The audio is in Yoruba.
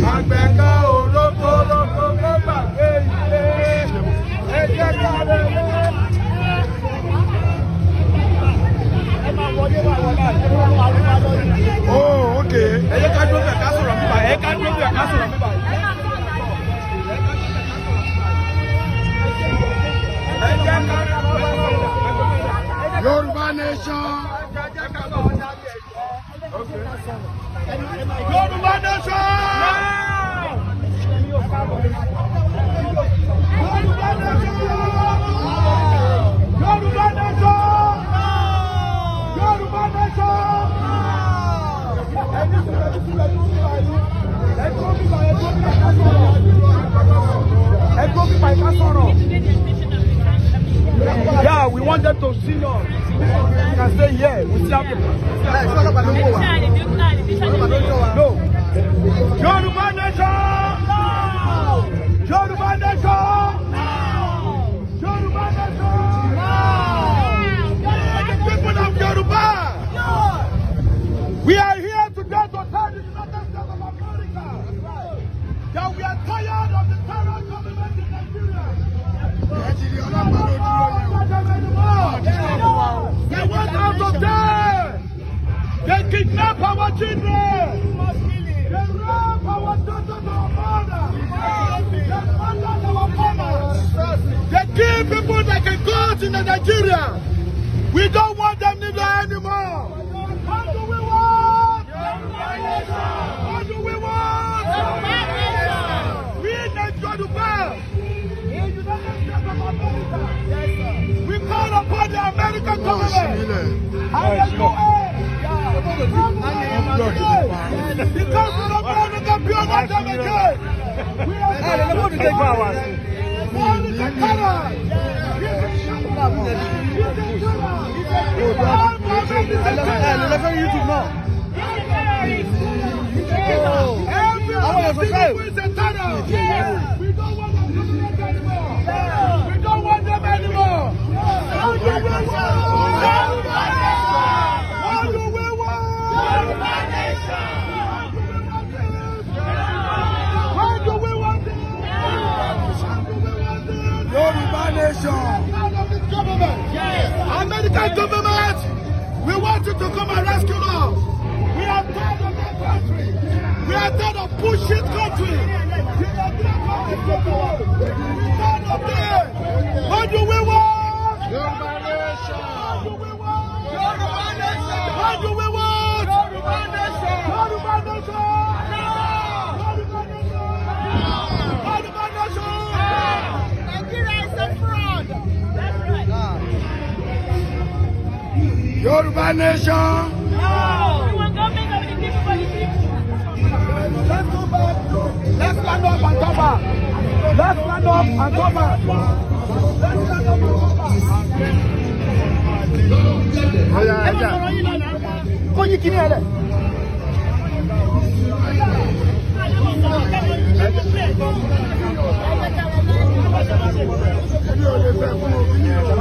lókè. àgbẹ̀ká òrókó lóko ló gbàgbé ilé ẹ ká lè lé. Oh, okay. Ẹ jẹ́ ká dúró bẹ̀ ká sọ̀rọ̀ bíbá. Ẹ ká dúró bẹ̀ ká sọ̀rọ̀ bíbá. Yorùbá nation. Okay. Yorùbá nation. ẹni sọ̀rọ̀ ẹni sọ̀rọ̀ ẹni sọ̀rọ̀ ẹni Yeah, we want them to see us. We can say, yeah, we see Africa. No. Yorùbá nation. They want out of there. They kidnap our children. They rob our daughters and our They people like a goat in Nigeria. We don't want them neither anymore. Because we don't want to be on that again. We are going to take powers. nation. Yes. American government, we want you to come and rescue us. We are tired of that country. We are tired of pushing country. Yoruba nation. No. We want government of the people for the people. Let's go back. Let's stand up and cover. Let's stand up and cover. Let's stand up and cover. Kó yí kíní ẹlẹ̀. Ẹ̀jẹ̀ mi ò lè fẹ́ fún òfin yẹn.